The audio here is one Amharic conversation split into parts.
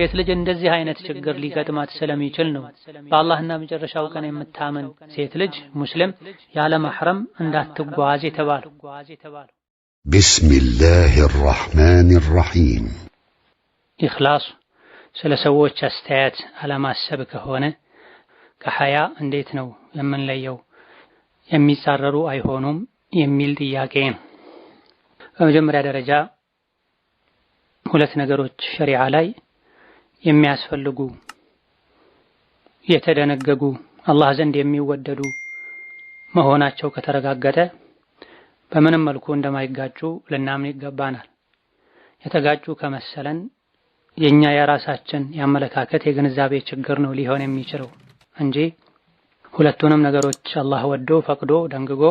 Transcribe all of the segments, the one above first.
ሴት ልጅ እንደዚህ አይነት ችግር ሊገጥማት ስለሚችል ነው በአላህና መጨረሻው ቀን የምታመን ሴት ልጅ ሙስሊም ያለ ማህረም እንዳትጓዝ የተባለው። ቢስሚላህ ራህማን ራሂም። ኢኽላሱ ስለ ሰዎች አስተያየት አለማሰብ ከሆነ ከሐያ እንዴት ነው የምንለየው? የሚጻረሩ አይሆኑም የሚል ጥያቄ ነው። በመጀመሪያ ደረጃ ሁለት ነገሮች ሸሪዓ ላይ የሚያስፈልጉ የተደነገጉ አላህ ዘንድ የሚወደዱ መሆናቸው ከተረጋገጠ በምንም መልኩ እንደማይጋጩ ልናምን ይገባናል። የተጋጩ ከመሰለን የኛ የራሳችን የአመለካከት የግንዛቤ ችግር ነው ሊሆን የሚችለው እንጂ ሁለቱንም ነገሮች አላህ ወዶ ፈቅዶ ደንግጎ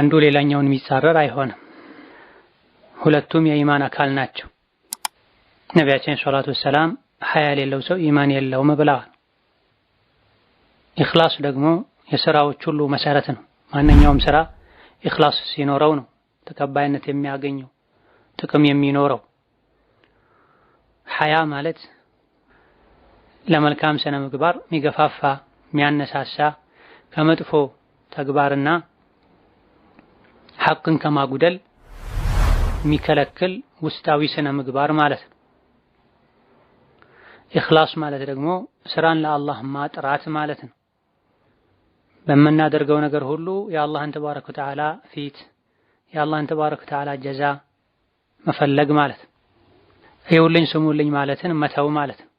አንዱ ሌላኛውን የሚጻረር አይሆንም። ሁለቱም የኢማን አካል ናቸው። ነቢያችን ሰላቱ ወሰላም ሀያ የሌለው ሰው ኢማን የለውም ብለዋል። ኢኽላስ ደግሞ የስራዎች ሁሉ መሰረት ነው። ማንኛውም ስራ ኢኽላስ ሲኖረው ነው ተቀባይነት የሚያገኘው ጥቅም የሚኖረው። ሀያ ማለት ለመልካም ስነ ምግባር የሚገፋፋ የሚያነሳሳ ከመጥፎ ተግባርና ሐቅን ከማጉደል የሚከለክል ውስጣዊ ስነ ምግባር ማለት ነው። ኢኽላስ ማለት ደግሞ ስራን ለአላህ ማጥራት ማለት ነው። በምናደርገው ነገር ሁሉ የአላህን ተባረከ ወተዓላ ፊት የአላህን ተባረከ ወተዓላ ጀዛ መፈለግ ማለት ነው። ይውልኝ ስሙልኝ ማለትን መተው ማለት ነው።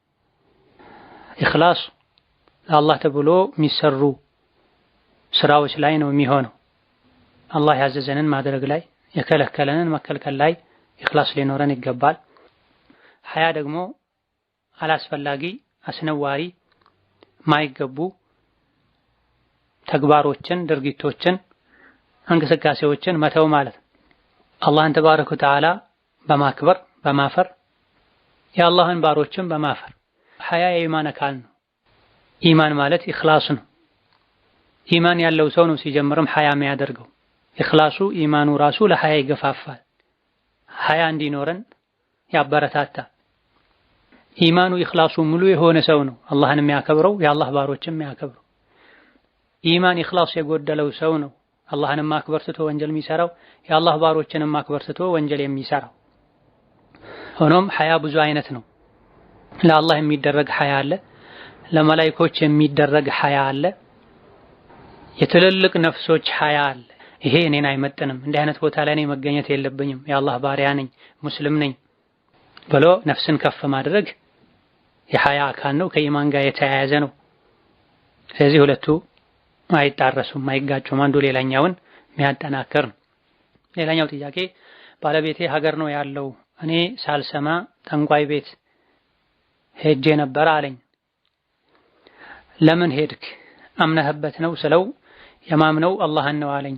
ኢኽላሱ ለአላህ ተብሎ የሚሰሩ ስራዎች ላይ ነው የሚሆነው። አላህ ያዘዘንን ማድረግ ላይ፣ የከለከለንን መከልከል ላይ ኢኽላስ ሊኖረን ይገባል። ሀያ ደግሞ አላስፈላጊ፣ አስነዋሪ፣ ማይገቡ ተግባሮችን፣ ድርጊቶችን፣ እንቅስቃሴዎችን መተው ማለት ነው። አላህን ተባረከ ወተዓላ በማክበር በማፈር የአላህን ባሮችን በማፈር ሀያ የኢማን አካል ነው። ኢማን ማለት ኢኽላስ ነው። ኢማን ያለው ሰው ነው ሲጀምርም ሀያ የሚያደርገው ኢኽላሱ ኢማኑ ራሱ ለሀያ ይገፋፋል። ሀያ እንዲኖረን ያበረታታል። ኢማኑ ኢኽላሱ ሙሉ የሆነ ሰው ነው አላህን የሚያከብረው የአላህ ባሮችም የሚያከብረው። ኢማን ኢኽላስ የጎደለው ሰው ነው አላህንም ማክበር ትቶ ወንጀል የሚሰራው የአላህ ባሮችንም ማክበር ትቶ ወንጀል የሚሰራው። ሆኖም ሐያ ብዙ አይነት ነው። ለአላህ የሚደረግ ሐያ አለ፣ ለመላይኮች የሚደረግ ሐያ አለ፣ የትልልቅ ነፍሶች ሐያ አለ። ይሄ እኔን አይመጥንም፣ እንዲህ አይነት ቦታ ላይ እኔ መገኘት የለብኝም፣ የአላህ ባሪያ ነኝ፣ ሙስሊም ነኝ ብሎ ነፍስን ከፍ ማድረግ የሀያ አካል ነው፣ ከኢማን ጋር የተያያዘ ነው። ስለዚህ ሁለቱ አይጣረሱም፣ አይጋጩም። አንዱ ሌላኛውን የሚያጠናክር ነው። ሌላኛው ጥያቄ ባለቤቴ ሀገር ነው ያለው። እኔ ሳልሰማ ጠንቋይ ቤት ሄጄ ነበር አለኝ። ለምን ሄድክ? አምነህበት ነው ስለው የማምነው አላህን ነው አለኝ።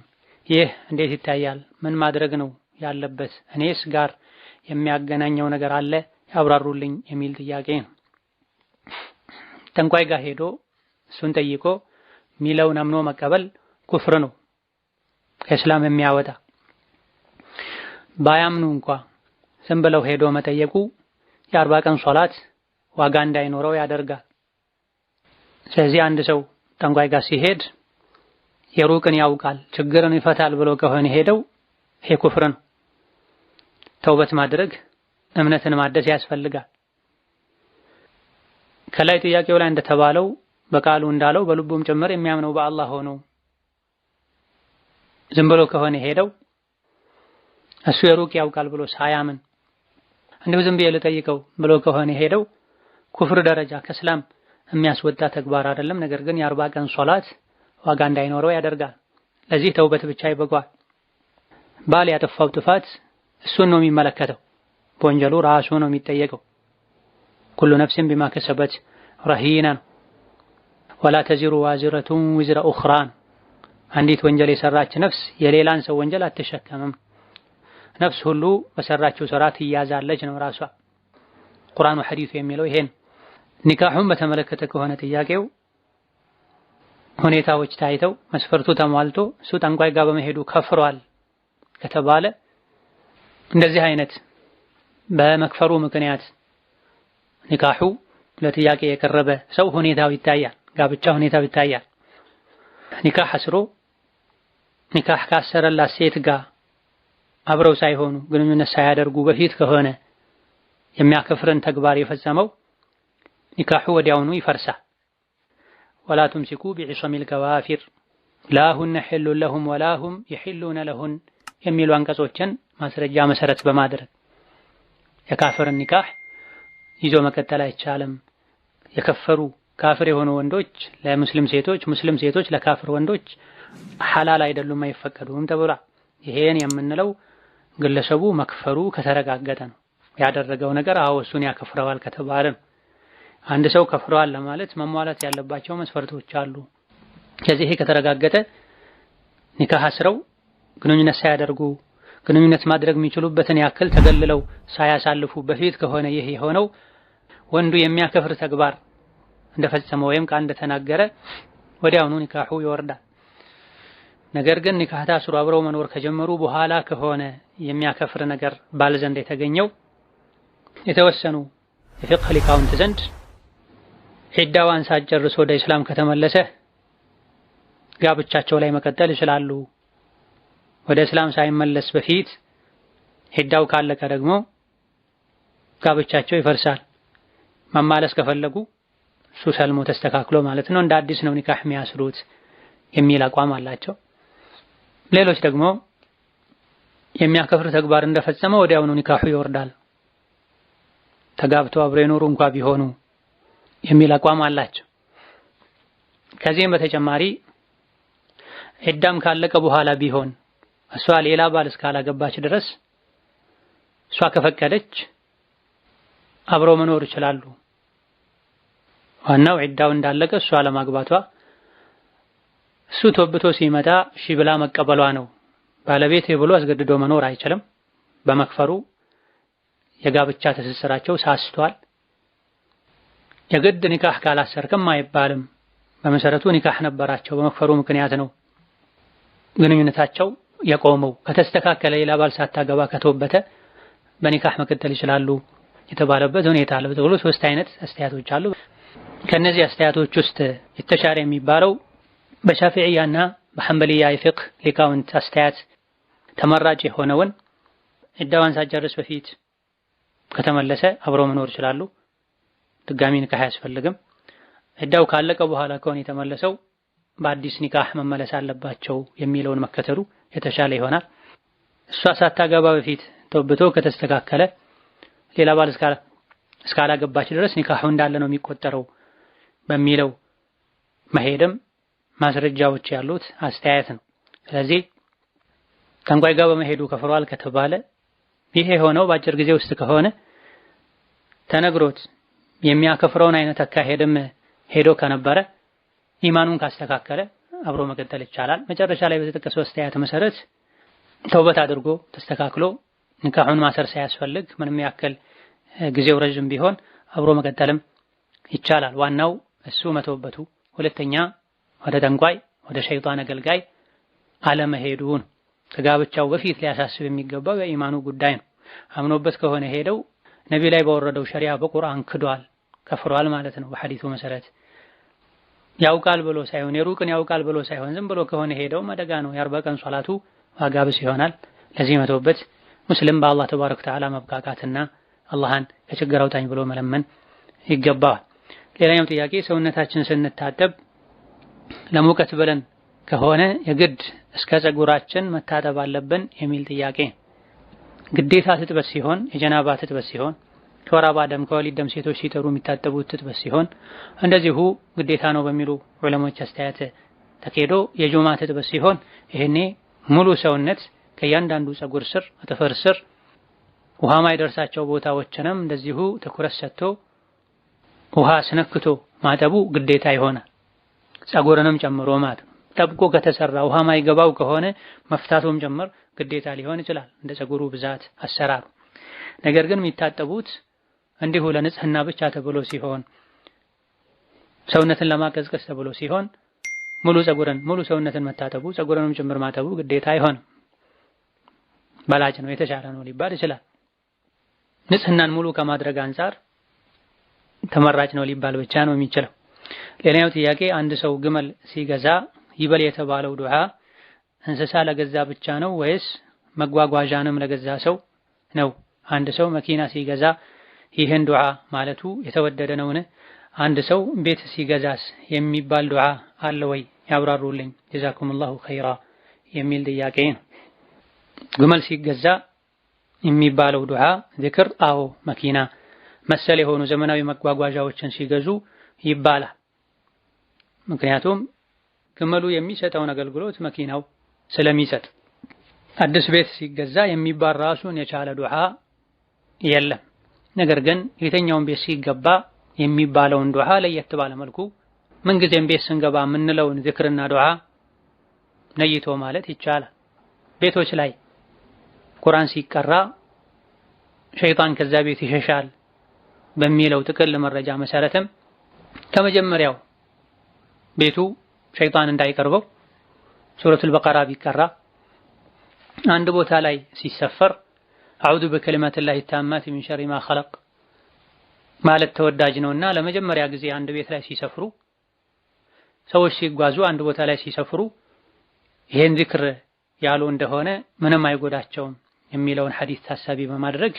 ይህ እንዴት ይታያል? ምን ማድረግ ነው ያለበት? እኔስ ጋር የሚያገናኘው ነገር አለ? ያብራሩልኝ የሚል ጥያቄ ነው። ጠንቋይ ጋር ሄዶ እሱን ጠይቆ ሚለውን አምኖ መቀበል ኩፍር ነው፣ ከእስላም የሚያወጣ ባያምኑ እንኳ ዝም ብለው ሄዶ መጠየቁ የአርባ ቀን ሶላት ዋጋ እንዳይኖረው ያደርጋል። ስለዚህ አንድ ሰው ጠንቋይ ጋር ሲሄድ የሩቅን ያውቃል ችግርን ይፈታል ብሎ ከሆነ ሄደው ይሄ ኩፍር ነው። ተውበት ማድረግ እምነትን ማደስ ያስፈልጋል። ከላይ ጥያቄው ላይ እንደተባለው በቃሉ እንዳለው በልቡም ጭምር የሚያምነው በአላህ ሆኖ ዝም ብሎ ከሆነ ሄደው እሱ የሩቅ ያውቃል ብሎ ሳያምን እንዲሁ ዝም ብዬ ልጠይቀው ብሎ ከሆነ ሄደው ኩፍር ደረጃ ከእስላም የሚያስወጣ ተግባር አይደለም። ነገር ግን የአርባ ቀን ሶላት ዋጋ እንዳይኖረው ያደርጋል። ለዚህ ተውበት ብቻ ይበቋል። ባል ያጠፋው ጥፋት እሱን ነው የሚመለከተው። በወንጀሉ ራሱ ነው የሚጠየቀው። ኩሉ ነፍስን ቢማ ከሰበት ረሂና ነው። ወላ ተዚሩ ዋዝረቱን ዊዝረ ኡኽራ ነው። አንዲት ወንጀል የሰራች ነፍስ የሌላን ሰው ወንጀል አትሸከምም። ነፍስ ሁሉ በሰራችው ስራ ትያዛለች ነው ራሷ። ቁርአኑ ሐዲሱ የሚለው ይሄን። ኒካሑን በተመለከተ ከሆነ ጥያቄው ሁኔታዎች ታይተው መስፈርቱ ተሟልቶ እሱ ጠንቋይ ጋር በመሄዱ ከፍሯል ከተባለ እንደዚህ አይነት በመክፈሩ ምክንያት ኒካሑ ለጥያቄ የቀረበ ሰው ሁኔታው ይታያል። ጋብቻ ሁኔታው ይታያል። ኒካህ አስሮ ኒካህ ካሰረላት ሴት ጋር አብረው ሳይሆኑ ግንኙነት ሳያደርጉ በፊት ከሆነ የሚያከፍርን ተግባር የፈጸመው ኒካሑ ወዲያውኑ ይፈርሳል። ወላ ቱምሲኩ ቢዒሶሚል ከዋፊር ላሁነ ሒሉን ለሁም ወላሁም የሒሉነ ለሁን የሚሉ አንቀጾችን ማስረጃ መሰረት በማድረግ የካፍርን ኒካህ ይዞ መቀጠል አይቻልም። የከፈሩ ካፍር የሆኑ ወንዶች ለሙስሊም ሴቶች፣ ሙስሊም ሴቶች ለካፍር ወንዶች ሐላል አይደሉም፣ አይፈቀዱም ተብሏል። ይሄን የምንለው ግለሰቡ መክፈሩ ከተረጋገጠ ነው። ያደረገው ነገር አዎ እሱን ያከፍረዋል ከተባለ ነው። አንድ ሰው ከፍረዋል ለማለት መሟላት ያለባቸው መስፈርቶች አሉ። ከዚህ ከተረጋገጠ ኒካህ አስረው ግንኙነት ሳያደርጉ ግንኙነት ማድረግ የሚችሉበትን ያክል ተገልለው ሳያሳልፉ በፊት ከሆነ ይህ የሆነው ወንዱ የሚያከፍር ተግባር እንደፈጸመ ወይም ቃል እንደተናገረ ወዲያውኑ ኒካሁ ይወርዳል። ነገር ግን ኒካህ ታስሮ አብረው መኖር ከጀመሩ በኋላ ከሆነ የሚያከፍር ነገር ባል ዘንድ የተገኘው የተወሰኑ የፍቅህ ሊቃውንት ዘንድ ዒዳዋን ሳትጨርስ ወደ ኢስላም ከተመለሰ ጋብቻቸው ላይ መቀጠል ይችላሉ። ወደ እስላም ሳይመለስ በፊት ሂዳው ካለቀ ደግሞ ጋብቻቸው ይፈርሳል። መማለስ ከፈለጉ እሱ ሰልሞ ተስተካክሎ ማለት ነው እንደ አዲስ ነው ኒካህ የሚያስሩት የሚል አቋም አላቸው። ሌሎች ደግሞ የሚያከፍር ተግባር እንደፈጸመ ወዲያውኑ ኒካሁ ይወርዳል ተጋብተው አብሮ የኖሩ እንኳ ቢሆኑ የሚል አቋም አላቸው። ከዚህም በተጨማሪ ዒዳም ካለቀ በኋላ ቢሆን እሷ ሌላ ባል እስካላገባች ድረስ እሷ ከፈቀደች አብሮ መኖር ይችላሉ። ዋናው ዒዳው እንዳለቀ እሷ ለማግባቷ እሱ ተወብቶ ሲመጣ እሺ ብላ መቀበሏ ነው። ባለቤት ብሎ አስገድዶ መኖር አይችልም። በመክፈሩ የጋብቻ ትስስራቸው ሳስቷል። የግድ ኒካህ ካላሰርክም አይባልም። በመሰረቱ ኒካህ ነበራቸው፣ በመክፈሩ ምክንያት ነው ግንኙነታቸው የቆመው ከተስተካከለ ሌላ ባል ሳታገባ ከተወበተ በኒካህ መቀጠል ይችላሉ የተባለበት ሁኔታ አለ። ብሎ ሶስት አይነት አስተያየቶች አሉ። ከነዚህ አስተያየቶች ውስጥ የተሻለ የሚባለው በሻፊዕያና በሐንበልያ የፊቅህ ሊቃውንት አስተያየት ተመራጭ የሆነውን ዕዳዋን ሳጨርስ በፊት ከተመለሰ አብሮ መኖር ይችላሉ። ድጋሚ ኒካህ አያስፈልግም። ዕዳው ካለቀ በኋላ ከሆነ የተመለሰው በአዲስ ኒካህ መመለስ አለባቸው የሚለውን መከተሉ የተሻለ ይሆናል። እሷ ሳታገባ በፊት ተውብቶ ከተስተካከለ ሌላ ባል እስካላገባች ድረስ ኒካሁ እንዳለ ነው የሚቆጠረው በሚለው መሄድም ማስረጃዎች ያሉት አስተያየት ነው። ስለዚህ ጠንቋይ ጋር በመሄዱ ከፍሯል ከተባለ ይህ የሆነው በአጭር ጊዜ ውስጥ ከሆነ ተነግሮት የሚያከፍረውን አይነት አካሄድም ሄዶ ከነበረ ኢማኑን ካስተካከለ አብሮ መቀጠል ይቻላል። መጨረሻ ላይ በተጠቀሰው አስተያየት መሰረት ተውበት አድርጎ ተስተካክሎ ንካሁን ማሰር ሳያስፈልግ ምንም ያክል ጊዜው ረዥም ቢሆን አብሮ መቀጠልም ይቻላል። ዋናው እሱ መተውበቱ፣ ሁለተኛ ወደ ጠንቋይ ወደ ሸይጣን አገልጋይ አለመሄዱን ከጋብቻው በፊት ሊያሳስብ የሚገባው የኢማኑ ጉዳይ ነው። አምኖበት ከሆነ ሄደው ነቢ ላይ በወረደው ሸሪያ በቁርአን ክዷል፣ ከፍሯል ማለት ነው በሐዲሱ መሰረት ያውቃል ብሎ ሳይሆን የሩቅን ያውቃል ብሎ ሳይሆን ዝም ብሎ ከሆነ ሄደውም አደጋ ነው። የአርባ ቀን ሶላቱ ዋጋ ብስ ይሆናል። ለዚህ መተውበት ሙስሊም በአላህ ተባረከ ወተዓላ መብቃቃትና አላህን ከችግር አውጣኝ ብሎ መለመን ይገባዋል። ሌላኛው ጥያቄ ሰውነታችን ስንታጠብ ለሙቀት ብለን ከሆነ የግድ እስከ ፀጉራችን መታጠብ አለብን የሚል ጥያቄ ግዴታ ትጥበት ሲሆን የጀናባ ትጥበት ሲሆን ከወር አበባ ደም ከወሊድ ደም ሴቶች ሲጠሩ የሚታጠቡት ትጥበት ሲሆን እንደዚሁ ግዴታ ነው በሚሉ ዑለሞች አስተያየት ተኬዶ የጁማ ትጥበት ሲሆን ይሄኔ ሙሉ ሰውነት ከእያንዳንዱ ጸጉር ስር ጥፍር ስር ውሃ ማይደርሳቸው ቦታዎችንም እንደዚሁ ትኩረት ሰጥቶ ውሃ አስነክቶ ማጠቡ ግዴታ ይሆናል። ጸጉርንም ጨምሮ ማለት ጠብቆ ከተሰራ ውሃ ማይገባው ከሆነ መፍታቱም ጭምር ግዴታ ሊሆን ይችላል እንደ ጸጉሩ ብዛት አሰራሩ። ነገር ግን የሚታጠቡት እንዲሁ ለንጽህና ብቻ ተብሎ ሲሆን ሰውነትን ለማቀዝቀዝ ተብሎ ሲሆን ሙሉ ጸጉርን ሙሉ ሰውነትን መታጠቡ ጸጉርንም ጭምር ማጠቡ ግዴታ አይሆንም። በላጭ ነው የተሻለ ነው ሊባል ይችላል። ንጽህናን ሙሉ ከማድረግ አንጻር ተመራጭ ነው ሊባል ብቻ ነው የሚችለው። ሌላኛው ጥያቄ አንድ ሰው ግመል ሲገዛ ይበል የተባለው ዱዓ እንስሳ ለገዛ ብቻ ነው ወይስ መጓጓዣንም ለገዛ ሰው ነው? አንድ ሰው መኪና ሲገዛ ይህን ዱዓ ማለቱ የተወደደ ነውን? አንድ ሰው ቤት ሲገዛስ የሚባል ዱዓ አለ ወይ? ያብራሩልኝ ጀዛኩሙላሁ ኸይራ የሚል ጥያቄ ነው። ግመል ሲገዛ የሚባለው ዱዓ ዝክር? አዎ። መኪና መሰል የሆኑ ዘመናዊ መጓጓዣዎችን ሲገዙ ይባላል። ምክንያቱም ግመሉ የሚሰጠውን አገልግሎት መኪናው ስለሚሰጥ። አዲስ ቤት ሲገዛ የሚባል ራሱን የቻለ ዱዓ የለም። ነገር ግን የተኛውን ቤት ሲገባ የሚባለውን ዱዓ ለየት ባለ መልኩ ምንጊዜም ቤት ስንገባ የምንለውን ዝክርና ዱዓ ነይቶ ማለት ይቻላል። ቤቶች ላይ ቁርአን ሲቀራ ሸይጣን ከዛ ቤት ይሸሻል በሚለው ጥቅል መረጃ መሰረትም ከመጀመሪያው ቤቱ ሸይጣን እንዳይቀርበው ሱረቱል በቀራ ቢቀራ አንድ ቦታ ላይ ሲሰፈር አዑዙ በከሊማት ላሂ ታማት ሚን ሸሪ ማ ኸለቅ ማለት ተወዳጅ ነውና ለመጀመሪያ ጊዜ አንድ ቤት ላይ ሲሰፍሩ ሰዎች ሲጓዙ አንድ ቦታ ላይ ሲሰፍሩ ይሄን ዚክር ያሉ እንደሆነ ምንም አይጎዳቸውም የሚለውን ሐዲስ ታሳቢ በማድረግ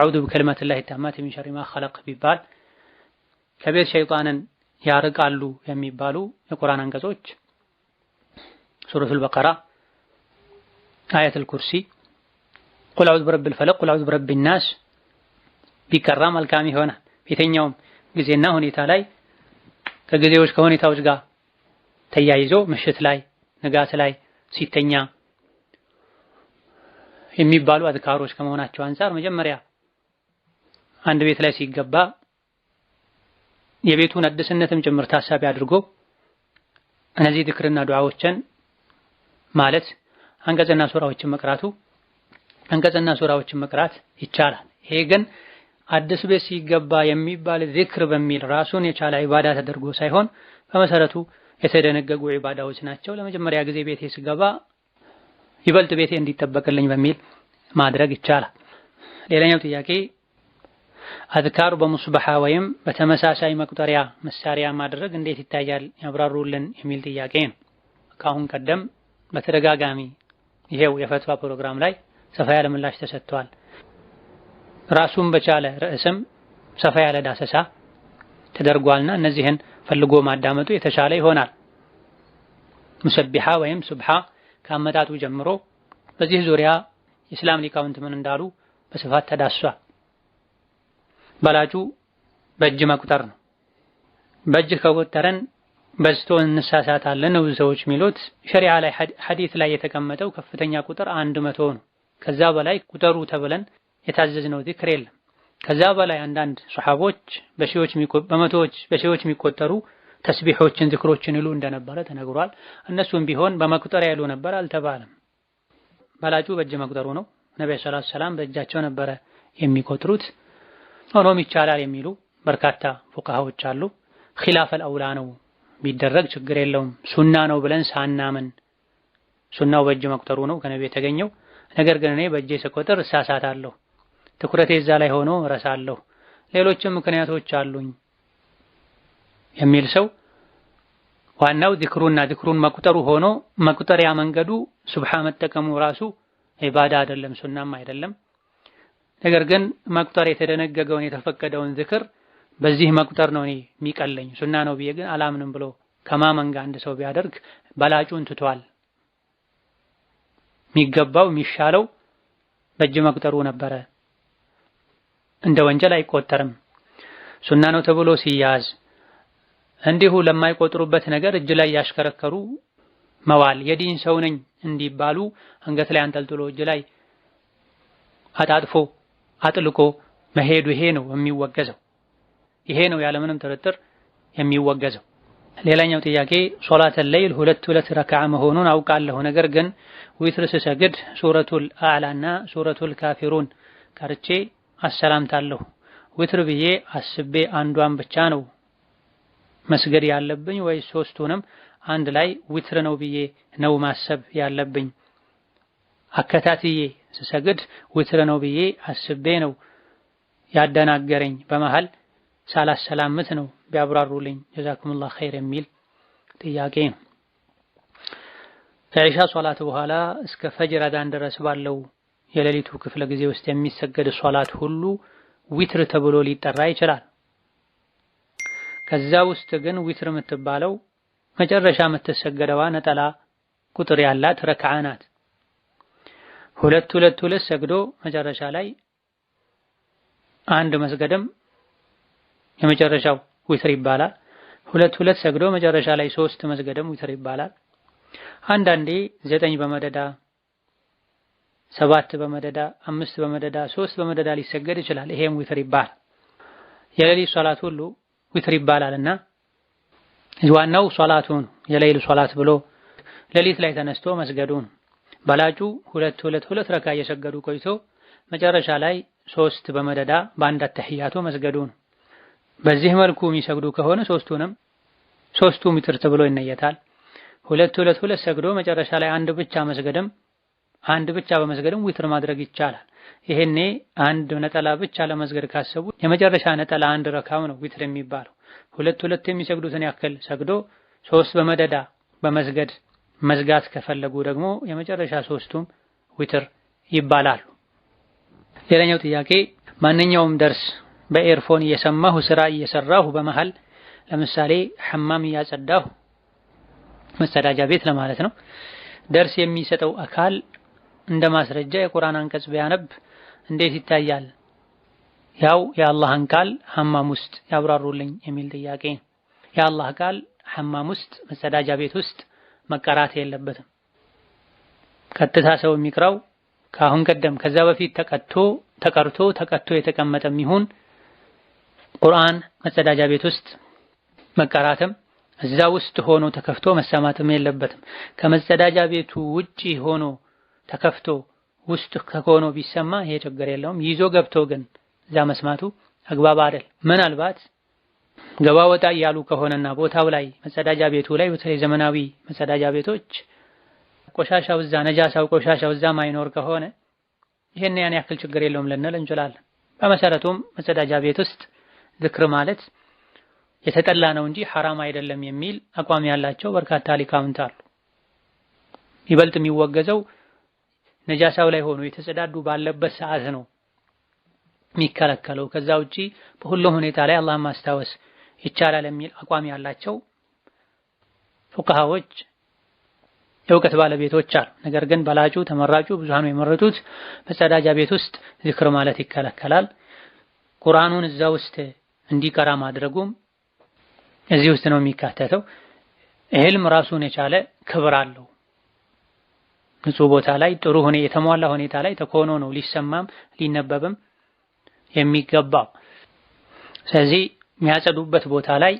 አዑዙ በከሊማት ላሂ ታማት ሚን ሸሪ ማ ኸለቅ ቢባል ከቤት ሸይጣንን ያርቃሉ የሚባሉ የቁርአን አንቀጾች ሱረቱል በቀራ፣ አያተል ኩርሲ ቁል አውዝ ብረብል ፈለቅ ቁል አውዝ ብረብ ናስ ቢቀራ መልካም ይሆናል። የትኛውም ጊዜና ሁኔታ ላይ ከጊዜዎች ከሁኔታዎች ጋር ተያይዞ ምሽት ላይ ንጋት ላይ ሲተኛ የሚባሉ አዝካሮች ከመሆናቸው አንፃር መጀመሪያ አንድ ቤት ላይ ሲገባ የቤቱን አዲስነትም ጭምር ታሳቢ አድርጎ እነዚህ ዝክርና ዱዓዎችን ማለት አንቀጽና ሱራዎችን መቅራቱ አንቀጽና ሱራዎችን መቅራት ይቻላል። ይሄ ግን አዲስ ቤት ሲገባ የሚባል ዚክር በሚል ራሱን የቻለ ኢባዳ ተደርጎ ሳይሆን በመሰረቱ የተደነገጉ ኢባዳዎች ናቸው። ለመጀመሪያ ጊዜ ቤቴ ስገባ ይበልጥ ቤቴ እንዲጠበቅልኝ በሚል ማድረግ ይቻላል። ሌላኛው ጥያቄ አዝካር በሙስበሓ ወይም በተመሳሳይ መቁጠሪያ መሳሪያ ማድረግ እንዴት ይታያል ያብራሩልን የሚል ጥያቄ ነው። ከአሁን ቀደም በተደጋጋሚ ይሄው የፈትዋ ፕሮግራም ላይ ሰፋ ያለ ምላሽ ተሰጥቷል። ራሱን በቻለ ርዕስም ሰፋ ያለ ዳሰሳ ተደርጓልና እነዚህን ፈልጎ ማዳመጡ የተሻለ ይሆናል። ሙሰቢሓ ወይም ሱብሓ ከአመጣጡ ጀምሮ በዚህ ዙሪያ የእስላም ሊቃውንት ምን እንዳሉ በስፋት ተዳስሷል። በላጩ በእጅ መቁጠር ነው። በእጅ ከቆጠረን በዝቶ እንሳሳታለን ነው ሰዎች የሚሉት። ሸሪዓ ላይ ሐዲት ላይ የተቀመጠው ከፍተኛ ቁጥር አንድ መቶ ነው። ከዛ በላይ ቁጠሩ ተብለን የታዘዝነው ዚክር የለም። ከዛ በላይ አንዳንድ ሰሐቦች በሺዎች በመቶዎች በሺዎች የሚቆጠሩ ተስቢሖችን ዝክሮችን ይሉ እንደነበረ ተነግሯል። እነሱም ቢሆን በመቁጠሪያ ይሉ ነበር አልተባለም። በላጩ በእጅ መቁጠሩ ነው። ነቢ ሰለላሁ ዐለይሂ ወሰለም በእጃቸው ነበረ የሚቆጥሩት። ሆኖም ይቻላል የሚሉ በርካታ ፉቃሃዎች አሉ። ኺላፈል አውላ ነው ቢደረግ ችግር የለውም። ሱና ነው ብለን ሳናምን ሱናው በእጅ መቁጠሩ ነው ከነቢ የተገኘው ነገር ግን እኔ በእጄ ስቆጥር እሳሳታለሁ፣ ትኩረቴ እዛ ላይ ሆኖ እረሳለሁ፣ ሌሎችም ምክንያቶች አሉኝ የሚል ሰው ዋናው ዚክሩና ዚክሩን መቁጠሩ ሆኖ መቁጠሪያ መንገዱ ሱብሓ መጠቀሙ ራሱ ኢባዳ አይደለም፣ ሱናም አይደለም። ነገር ግን መቁጠር የተደነገገውን የተፈቀደውን ዝክር በዚህ መቁጠር ነው እኔ የሚቀለኝ ሱና ነው ብዬ ግን አላምንም ብሎ ከማመን ጋር አንድ ሰው ቢያደርግ በላጩን ትቷል። የሚገባው የሚሻለው በእጅ መቁጠሩ ነበረ። እንደ ወንጀል አይቆጠርም። ሱና ነው ተብሎ ሲያዝ እንዲሁ ለማይቆጥሩበት ነገር እጅ ላይ ያሽከረከሩ መዋል የዲን ሰው ነኝ እንዲባሉ አንገት ላይ አንጠልጥሎ እጅ ላይ አጣጥፎ አጥልቆ መሄዱ ይሄ ነው የሚወገዘው። ይሄ ነው ያለምንም ጥርጥር የሚወገዘው። ሌላኛው ጥያቄ ሶላተ ለይል ሁለት ሁለት ረካዓ መሆኑን አውቃለሁ። ነገር ግን ዊትር ስሰግድ ሱረቱል አዕላና ሱረቱል ካፊሩን ቀርቼ አሰላምታለሁ። ዊትር ብዬ አስቤ አንዷን ብቻ ነው መስገድ ያለብኝ ወይ ሶስቱንም አንድ ላይ ዊትር ነው ብዬ ነው ማሰብ ያለብኝ? አከታትዬ ስሰግድ ዊትር ነው ብዬ አስቤ ነው ያደናገረኝ በመሃል ሳላሰላምት ነው ቢያብራሩልኝ ጀዛኩሙላህ ኸይር የሚል ጥያቄ ነው። ከኢሻ ሶላት በኋላ እስከ ፈጅር አዳን ድረስ ባለው የሌሊቱ ክፍለ ጊዜ ውስጥ የሚሰገድ ሶላት ሁሉ ዊትር ተብሎ ሊጠራ ይችላል። ከዛ ውስጥ ግን ዊትር የምትባለው መጨረሻ የምትሰገደዋ ነጠላ ቁጥር ያላት ረክዓ ናት። ሁለት ሁለት ሁለት ሰግዶ መጨረሻ ላይ አንድ መስገድም የመጨረሻው ዊትር ይባላል። ሁለት ሁለት ሰግዶ መጨረሻ ላይ ሶስት መስገድም ዊትር ይባላል። አንዳንዴ ዘጠኝ በመደዳ ሰባት በመደዳ አምስት በመደዳ ሶስት በመደዳ ሊሰገድ ይችላል። ይሄም ዊትር ይባላል። የሌሊት ሶላት ሁሉ ዊትር እና ዋናው ሶላቱን የሌሊት ሶላት ብሎ ሌሊት ላይ ተነስቶ መስገዱን በላጩ ሁለት ሁለት ሁለት ረካ እየሰገዱ ቆይቶ መጨረሻ ላይ ሶስት በመደዳ በአንድ አተህያቱ መስገዱን። በዚህ መልኩ የሚሰግዱ ከሆነ ሶስቱንም ሶስቱ ዊትር ተብሎ ይነየታል። ሁለት ሁለት ሁለት ሰግዶ መጨረሻ ላይ አንድ ብቻ መስገድም አንድ ብቻ በመስገድም ዊትር ማድረግ ይቻላል። ይሄኔ አንድ ነጠላ ብቻ ለመስገድ ካሰቡ የመጨረሻ ነጠላ አንድ ረካም ነው ዊትር የሚባለው። ሁለት ሁለት የሚሰግዱትን ያክል ሰግዶ ሶስት በመደዳ በመስገድ መዝጋት ከፈለጉ ደግሞ የመጨረሻ ሶስቱም ዊትር ይባላሉ። ሌላኛው ጥያቄ ማንኛውም ደርስ በኤርፎን እየሰማሁ ስራ እየሰራሁ በመሃል ለምሳሌ ሐማም እያጸዳሁ መጸዳጃ ቤት ለማለት ነው። ደርስ የሚሰጠው አካል እንደ ማስረጃ የቁርአን አንቀጽ ቢያነብ እንዴት ይታያል? ያው የአላህን ቃል ሐማም ውስጥ ያብራሩልኝ የሚል ጥያቄ። የአላህ ቃል ሐማም ውስጥ መጸዳጃ ቤት ውስጥ መቀራት የለበትም። ቀጥታ ሰው የሚቅራው ከአሁን ቀደም ከዛ በፊት ተቀቶ ተቀርቶ ተቀቶ የተቀመጠም ይሁን ቁርአን መጸዳጃ ቤት ውስጥ መቀራትም እዛ ውስጥ ሆኖ ተከፍቶ መሰማትም የለበትም። ከመጸዳጃ ቤቱ ውጪ ሆኖ ተከፍቶ ውስጥ ሆኖ ቢሰማ ይሄ ችግር የለውም። ይዞ ገብቶ ግን እዛ መስማቱ አግባብ አይደል። ምናልባት ገባ ወጣ እያሉ ከሆነና ቦታው ላይ መጸዳጃ ቤቱ ላይ በተለይ ዘመናዊ መጸዳጃ ቤቶች ቆሻሻው እዛ ነጃሳው ቆሻሻው እዛ ማይኖር ከሆነ ይሄን ያን ያክል ችግር የለውም ልንል እንችላለን። በመሰረቱም መጸዳጃ ቤት ውስጥ ዝክር ማለት የተጠላ ነው እንጂ ሐራም አይደለም የሚል አቋም ያላቸው በርካታ ሊቃውንት አሉ። ይበልጥ የሚወገዘው ነጃሳው ላይ ሆኖ የተጸዳዱ ባለበት ሰዓት ነው የሚከለከለው። ከዛ ውጪ በሁሉም ሁኔታ ላይ አላህን ማስታወስ ይቻላል የሚል አቋም ያላቸው ፉቃሃዎች የእውቀት ባለቤቶች አሉ። ነገር ግን በላጩ ተመራጩ ብዙሃኑ የመረጡት መጸዳጃ ቤት ውስጥ ዝክር ማለት ይከለከላል። ቁርአኑን እዛ ውስጥ እንዲቀራ ማድረጉም እዚህ ውስጥ ነው የሚካተተው። ህልም ራሱን የቻለ ክብር አለው። ንጹህ ቦታ ላይ ጥሩ ሁኔታ የተሟላ ሁኔታ ላይ ተኮኖ ነው ሊሰማም ሊነበብም የሚገባው። ስለዚህ የሚያጸዱበት ቦታ ላይ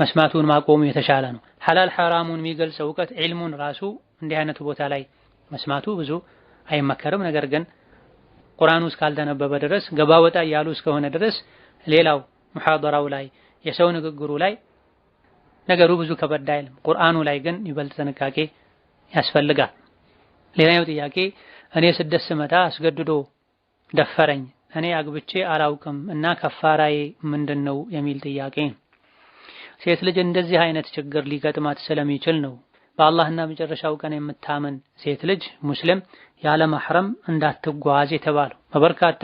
መስማቱን ማቆሙ የተሻለ ነው። ሐላል ሐራሙን የሚገልጽ እውቀት ዒልሙን ራሱ እንዲህ አይነት ቦታ ላይ መስማቱ ብዙ አይመከርም። ነገር ግን ቁርአኑ እስካልተነበበ ድረስ ገባ ወጣ ያሉ እስከሆነ ድረስ ሌላው ሙሐደራው ላይ የሰው ንግግሩ ላይ ነገሩ ብዙ ከበድ አይልም። ቁርአኑ ላይ ግን ይበልጥ ጥንቃቄ ያስፈልጋል። ሌላኛው ጥያቄ እኔ ስደት ስመጣ አስገድዶ ደፈረኝ፣ እኔ አግብቼ አላውቅም እና ከፋራዬ ምንድን ነው የሚል ጥያቄ። ሴት ልጅ እንደዚህ አይነት ችግር ሊገጥማት ስለሚችል ነው በአላህና መጨረሻው ቀን የምታምን ሴት ልጅ ሙስሊም ያለ ማህረም እንዳትጓዝ የተባለው። በበርካታ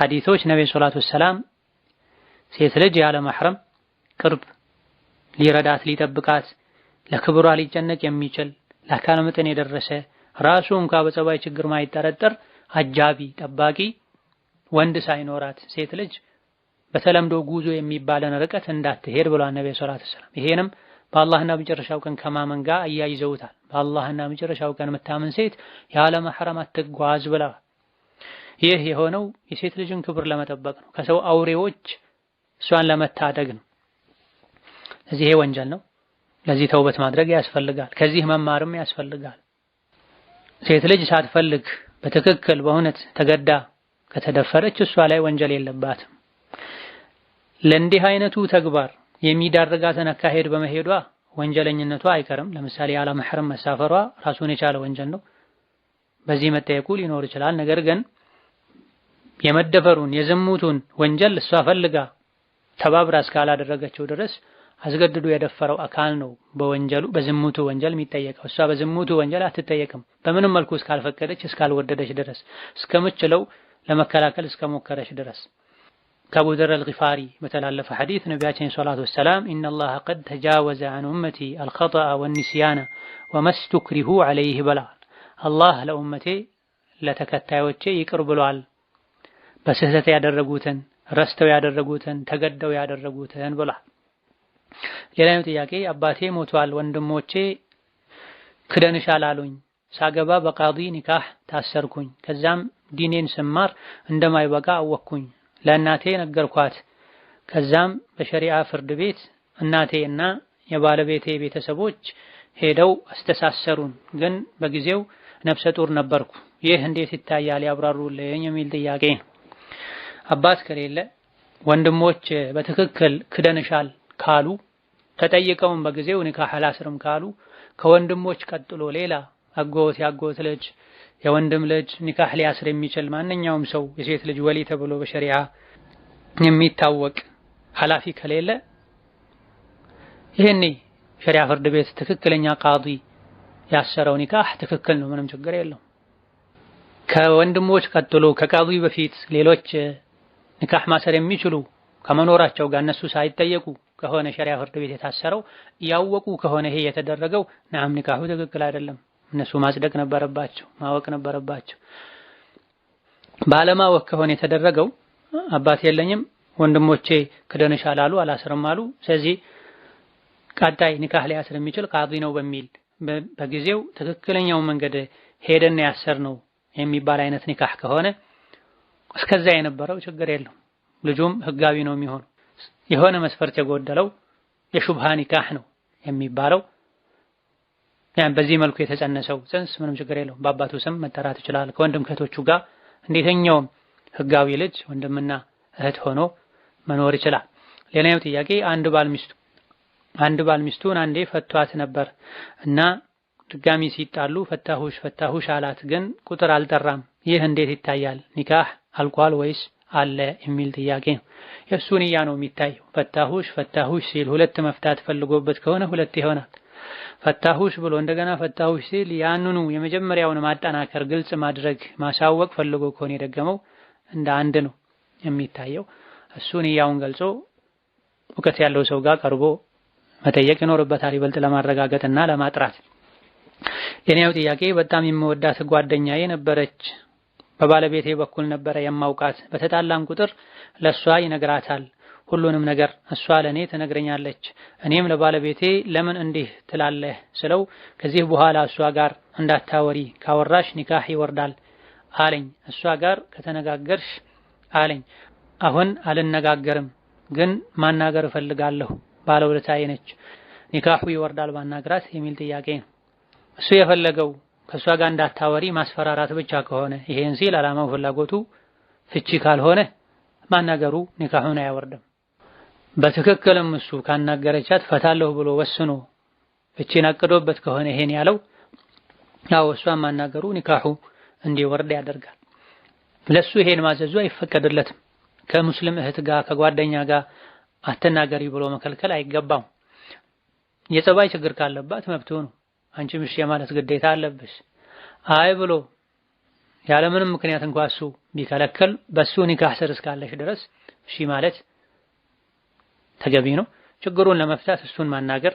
ሐዲቶች ነብይ ሰለላሁ ዐለይሂ ሴት ልጅ ያለ ማህረም ቅርብ ሊረዳት ሊጠብቃት ለክብሯ ሊጨነቅ የሚችል ለአካል ምጥን የደረሰ ራሱ እንኳ በፀባይ ችግር ማይጠረጠር አጃቢ ጠባቂ ወንድ ሳይኖራት ሴት ልጅ በተለምዶ ጉዞ የሚባለን ርቀት እንዳትሄድ ብሏል ነብዩ ሰለላሁ ዐለይሂ ወሰለም። ይሄንም በአላህና መጨረሻው ቀን ከማመን ጋር አያይዘውታል። በአላህና መጨረሻው ቀን የምታምን ሴት ያለ ማህረም አትጓዝ ብለዋል። ይህ የሆነው የሴት ልጅን ክብር ለመጠበቅ ነው ከሰው አውሬዎች እሷን ለመታደግ ነው። እዚህ ይሄ ወንጀል ነው። ለዚህ ተውበት ማድረግ ያስፈልጋል። ከዚህ መማርም ያስፈልጋል። ሴት ልጅ ሳትፈልግ በትክክል በእውነት ተገዳ ከተደፈረች እሷ ላይ ወንጀል የለባትም። ለእንዲህ አይነቱ ተግባር የሚዳርጋትን አካሄድ በመሄዷ ወንጀለኝነቷ አይቀርም። ለምሳሌ ያለ መህረም መሳፈሯ ራሱን የቻለ ወንጀል ነው። በዚህ መጠየቁ ሊኖር ይችላል። ነገር ግን የመደፈሩን የዝሙቱን ወንጀል እሷ ፈልጋ ተባብራ እስካላደረገችው ድረስ አስገድዶ የደፈረው አካል ነው በወንጀሉ በዝሙቱ ወንጀል የሚጠየቀው። እሷ በዝሙቱ ወንጀል አትጠየቅም፣ በምንም መልኩ እስካልፈቀደች እስካልወደደች ድረስ እስከምችለው ለመከላከል እስከሞከረች ድረስ። ከአቡዘር አልጊፋሪ በተላለፈ ሐዲስ ነቢያችን ሰላቱ ወሰላም ኢነላሀ ቀድ ተጃወዘ አን ኡመቲ አልኸጠአ ወኒስያነ ወመስቱክሪሁ ዐለይህ ብለዋል። አላህ ለኡመቴ ለተከታዮቼ ይቅር ብሏል በስህተት ያደረጉትን ረስተው ያደረጉትን ተገደው ያደረጉትን ብሏል። ሌላኛው ጥያቄ አባቴ ሞቷል፣ ወንድሞቼ ክደንሻል አሉኝ። ሳገባ በቃዲ ኒካህ ታሰርኩኝ። ከዛም ዲኔን ስማር እንደማይበቃ አወቅኩኝ። ለእናቴ ነገርኳት። ከዛም በሸሪዓ ፍርድ ቤት እናቴ እና የባለቤቴ ቤተሰቦች ሄደው አስተሳሰሩን። ግን በጊዜው ነፍሰ ጡር ነበርኩ። ይህ እንዴት ይታያል ያብራሩልኝ የሚል ጥያቄ ነው። አባት ከሌለ ወንድሞች በትክክል ክደንሻል ካሉ ተጠይቀውም በጊዜው ኒካህ አላስርም ካሉ ከወንድሞች ቀጥሎ ሌላ አጎት፣ ያጎት ልጅ፣ የወንድም ልጅ ኒካህ ሊያስር የሚችል ማንኛውም ሰው የሴት ልጅ ወሊ ተብሎ በሸሪዓ የሚታወቅ ኃላፊ ከሌለ ይሄኔ ሸሪዓ ፍርድ ቤት ትክክለኛ ቃዲ ያሰረው ኒካህ ትክክል ነው፣ ምንም ችግር የለው። ከወንድሞች ቀጥሎ ከቃዲ በፊት ሌሎች ኒካህ ማሰር የሚችሉ ከመኖራቸው ጋር እነሱ ሳይጠየቁ ከሆነ ሸሪያ ፍርድ ቤት የታሰረው ያወቁ ከሆነ ይሄ የተደረገው ናም ኒካሁ ትክክል አይደለም። እነሱ ማጽደቅ ነበረባቸው፣ ማወቅ ነበረባቸው። ባለማወቅ ከሆነ የተደረገው አባት የለኝም ወንድሞቼ ክደንሻል አሉ፣ አላስርም አሉ። ስለዚህ ቀጣይ ኒካህ ሊያስር የሚችል ቃዲ ነው በሚል በጊዜው ትክክለኛው መንገድ ሄደን ያሰር ነው የሚባል አይነት ኒካህ ከሆነ እስከዛ የነበረው ችግር የለው ልጁም ህጋዊ ነው የሚሆነው። የሆነ መስፈርት የጎደለው የሹብሃ ኒካህ ነው የሚባለው ያን በዚህ መልኩ የተጸነሰው ጽንስ ምንም ችግር የለውም። በአባቱ ስም መጠራት ይችላል። ከወንድም ከእህቶቹ ጋር እንዴተኛውም ህጋዊ ልጅ ወንድምና እህት ሆኖ መኖር ይችላል። ሌላኛው ጥያቄ አንድ ባል ሚስቱ አንድ ባል ሚስቱን አንዴ ፈቷት ነበር እና ድጋሚ ሲጣሉ ፈታሁሽ ፈታሁሽ አላት፣ ግን ቁጥር አልጠራም። ይህ እንዴት ይታያል? ኒካህ አልቋል ወይስ አለ የሚል ጥያቄ ነው። የእሱ ንያ ነው የሚታየው። ፈታሁሽ ፈታሁሽ ሲል ሁለት መፍታት ፈልጎበት ከሆነ ሁለት ይሆናል። ፈታሁሽ ብሎ እንደገና ፈታሁሽ ሲል ያንኑ የመጀመሪያውን ማጠናከር፣ ግልጽ ማድረግ፣ ማሳወቅ ፈልጎ ከሆነ የደገመው እንደ አንድ ነው የሚታየው። እሱ ንያውን ገልጾ እውቀት ያለው ሰው ጋር ቀርቦ መጠየቅ ይኖርበታል፣ ይበልጥ ለማረጋገጥና ለማጥራት የኔው ጥያቄ በጣም የምወዳት ጓደኛዬ ነበረች። በባለቤቴ በኩል ነበረ የማውቃት። በተጣላን ቁጥር ለሷ ይነግራታል ሁሉንም ነገር እሷ ለኔ ትነግረኛለች። እኔም ለባለቤቴ ለምን እንዲህ ትላለህ ስለው ከዚህ በኋላ እሷ ጋር እንዳታወሪ ካወራሽ ኒካህ ይወርዳል አለኝ። እሷ ጋር ከተነጋገርሽ አለኝ። አሁን አልነጋገርም፣ ግን ማናገር እፈልጋለሁ። ባለውለታዬ ነች። ኒካሁ ይወርዳል ባናግራት የሚል ጥያቄ ነው። እሱ የፈለገው ከእሷ ጋር እንዳታወሪ ማስፈራራት ብቻ ከሆነ ይሄን ሲል አላማው ፍላጎቱ ፍቺ ካልሆነ ማናገሩ ኒካሁን አያወርድም። በትክክልም እሱ ካናገረቻት ፈታለሁ ብሎ ወስኖ ፍቺን አቅዶበት ከሆነ ይሄን ያለው ያው እሷን ማናገሩ ኒካሁ እንዲወርድ ያደርጋል። ለሱ ይሄን ማዘዙ አይፈቀድለትም። ከሙስሊም እህት ጋር ከጓደኛ ጋር አትናገሪ ብሎ መከልከል አይገባም። የጸባይ ችግር ካለባት መብቱ ነው። አንቺም እሺ የማለት ግዴታ አለብሽ። አይ ብሎ ያለምንም ምክንያት እንኳ እሱ ቢከለከል በሱ ኒካህ ስር እስካለሽ ድረስ እሺ ማለት ተገቢ ነው። ችግሩን ለመፍታት እሱን ማናገር፣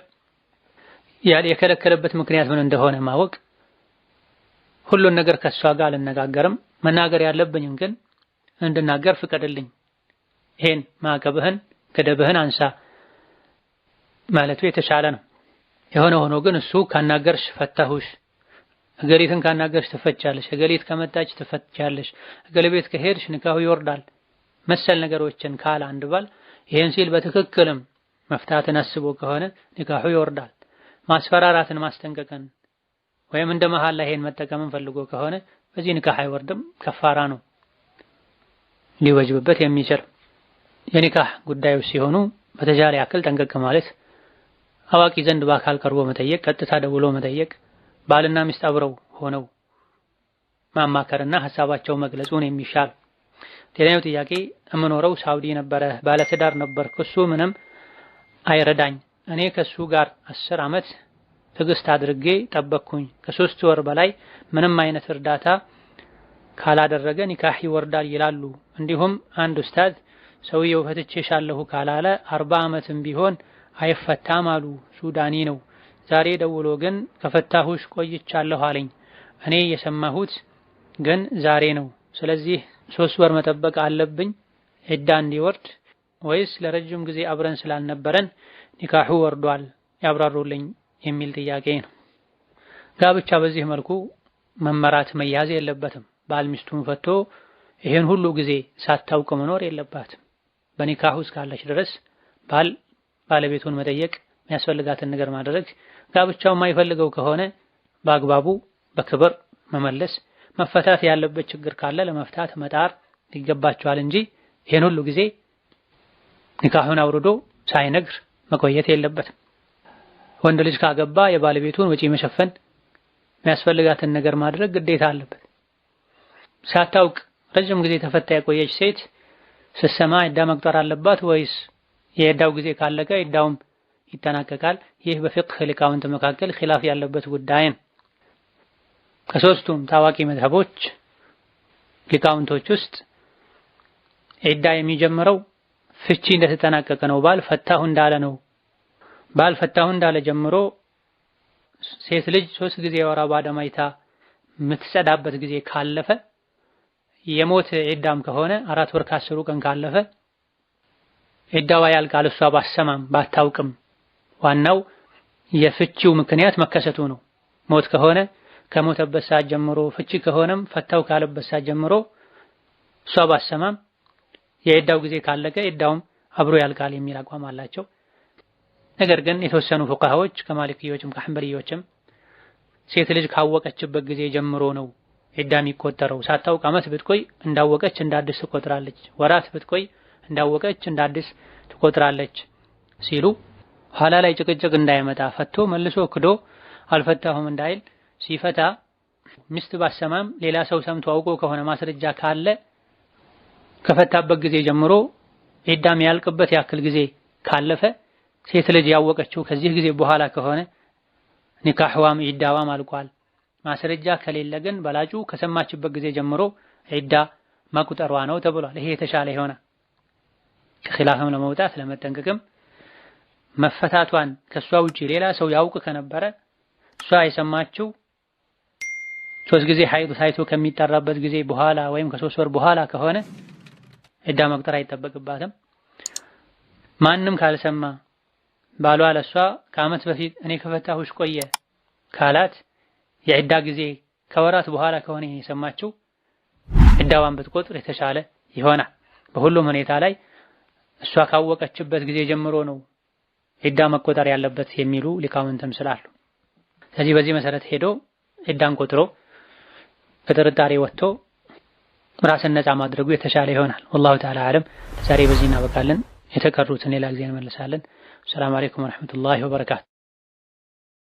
የከለከለበት ምክንያት ምን እንደሆነ ማወቅ፣ ሁሉን ነገር ከሷ ጋር አልነጋገርም፣ መናገር ያለብኝም ግን እንድናገር ፍቀድልኝ፣ ይሄን ማዕቀብህን ገደብህን አንሳ ማለቱ የተሻለ ነው። የሆነ ሆኖ ግን እሱ ካናገርሽ ፈታሁሽ፣ እገሊትን ካናገርሽ ትፈቻለሽ፣ እገሊት ከመጣች ትፈቻለሽ፣ እገሌ ቤት ከሄድሽ ንካሁ ይወርዳል መሰል ነገሮችን ካለ አንድ ባል ይህን ሲል በትክክልም መፍታትን አስቦ ከሆነ ንካሁ ይወርዳል። ማስፈራራትን፣ ማስጠንቀቅን ወይም እንደ ላይ ይሄን መጠቀምን ፈልጎ ከሆነ በዚህ ንካህ አይወርድም፣ ከፋራ ነው ሊወጅብበት የሚችል የኒካህ ጉዳዮች ሲሆኑ በተቻለ ያክል ጠንቀቅ ማለት አዋቂ ዘንድ በአካል ቀርቦ መጠየቅ፣ ቀጥታ ደውሎ መጠየቅ፣ ባልና ሚስት አብረው ሆነው ማማከርና ሀሳባቸው መግለጹን የሚሻል። ሌላኛው ጥያቄ እምኖረው ሳውዲ ነበረ፣ ባለትዳር ነበር እሱ ምንም አይረዳኝ። እኔ ከሱ ጋር አስር አመት ትዕግስት አድርጌ ጠበቅኩኝ። ከሶስት ወር በላይ ምንም አይነት እርዳታ ካላደረገ ኒካህ ይወርዳል ይላሉ። እንዲሁም አንድ ኡስታዝ ሰውየው ፈትቼሻለሁ ካላለ አርባ ዓመትም ቢሆን አይፈታም አሉ። ሱዳኒ ነው። ዛሬ ደውሎ ግን ከፈታሁሽ ቆይቻለሁ አለኝ። እኔ የሰማሁት ግን ዛሬ ነው። ስለዚህ ሶስት ወር መጠበቅ አለብኝ ዕዳ እንዲወርድ ወይስ ለረጅም ጊዜ አብረን ስላልነበረን ኒካሁ ወርዷል ያብራሩልኝ የሚል ጥያቄ ነው። ጋብቻ በዚህ መልኩ መመራት መያዝ የለበትም። ባል ሚስቱን ፈቶ ይሄን ሁሉ ጊዜ ሳታውቅ መኖር የለባትም። በኒካሁ እስካለች ድረስ ባል ባለቤቱን መጠየቅ፣ የሚያስፈልጋትን ነገር ማድረግ፣ ጋብቻው የማይፈልገው ከሆነ በአግባቡ በክብር መመለስ፣ መፈታት ያለበት ችግር ካለ ለመፍታት መጣር ይገባቸዋል እንጂ ይህን ሁሉ ጊዜ ኒካሁን አውርዶ ሳይነግር መቆየት የለበትም። ወንድ ልጅ ካገባ የባለቤቱን ወጪ መሸፈን የሚያስፈልጋትን ነገር ማድረግ ግዴታ አለበት። ሳታውቅ ረጅም ጊዜ ተፈታ የቆየች ሴት ስትሰማ መቅጠር አለባት ወይስ የዕዳው ጊዜ ካለቀ ዕዳውም ይጠናቀቃል። ይህ በፊቅህ ሊቃውንት መካከል ኺላፍ ያለበት ጉዳይ ነው። ከሶስቱም ታዋቂ መዝሀቦች ሊቃውንቶች ውስጥ ዕዳ የሚጀምረው ፍቺ እንደተጠናቀቀ ነው። ባል ፈታሁ እንዳለ ነው። ባል ፈታሁ እንዳለ ጀምሮ ሴት ልጅ ሶስት ጊዜ የወር አበባ ደም አይታ የምትጸዳበት ጊዜ ካለፈ የሞት ዕዳም ከሆነ አራት ወር ከአስሩ ቀን ካለፈ ዒዳዋ ያልቃል እሷ ባሰማም ባታውቅም፣ ዋናው የፍቺው ምክንያት መከሰቱ ነው። ሞት ከሆነ ከሞተበት ሰዓት ጀምሮ፣ ፍቺ ከሆነም ፈታው ካለበት ሰዓት ጀምሮ እሷ ባሰማም የዒዳው ጊዜ ካለቀ ዒዳውም አብሮ ያልቃል የሚል አቋም አላቸው። ነገር ግን የተወሰኑ ፉቃሃዎች ከማሊክዮችም ከሐንበልዮችም ሴት ልጅ ካወቀችበት ጊዜ ጀምሮ ነው ዒዳ የሚቆጠረው። ሳታውቅ ዓመት ብትቆይ እንዳወቀች እንዳዲስ ትቆጥራለች። ወራት ብትቆይ እንዳወቀች እንደ አዲስ ትቆጥራለች ሲሉ ኋላ ላይ ጭቅጭቅ እንዳይመጣ ፈቶ መልሶ ክዶ አልፈታሁም እንዳይል ሲፈታ ሚስት ባሰማም ሌላ ሰው ሰምቶ አውቆ ከሆነ ማስረጃ ካለ ከፈታበት ጊዜ ጀምሮ ኢዳም ያልቅበት ያክል ጊዜ ካለፈ ሴት ልጅ ያወቀችው ከዚህ ጊዜ በኋላ ከሆነ ኒካህዋም ኢዳዋም አልቋል። ማስረጃ ከሌለ ግን በላጩ ከሰማችበት ጊዜ ጀምሮ ኢዳ መቁጠሯ ነው ተብሏል። ይሄ የተሻለ ይሆናል። ከኺላፍም ለመውጣት ለመጠንቀቅም መፈታቷን ከእሷ ውጪ ሌላ ሰው ያውቅ ከነበረ እሷ የሰማችው ሶስት ጊዜ ሀይድ ታይቶ ከሚጠራበት ጊዜ በኋላ ወይም ከሶስት ወር በኋላ ከሆነ እዳ መቁጠር አይጠበቅባትም። ማንም ካልሰማ ባሏ ለእሷ ከአመት በፊት እኔ ከፈታሁሽ ቆየ ካላት የዕዳ ጊዜ ከወራት በኋላ ከሆነ የሰማችው ዕዳዋን ብትቆጥር የተሻለ ይሆናል። በሁሉም ሁኔታ ላይ እሷ ካወቀችበት ጊዜ ጀምሮ ነው ዒዳ መቆጠር ያለበት የሚሉ ሊቃውንትም ስላሉ፣ ስለዚህ በዚህ መሰረት ሄዶ ዒዳን ቆጥሮ ከጥርጣሬ ወጥቶ ራስን ነፃ ማድረጉ የተሻለ ይሆናል። ወላሁ ተዓላ አለም። ዛሬ በዚህ እናበቃለን። የተቀሩትን ሌላ ጊዜ እንመልሳለን። ሰላም አለይኩም ወረሕመቱላሂ ወበረካቱ።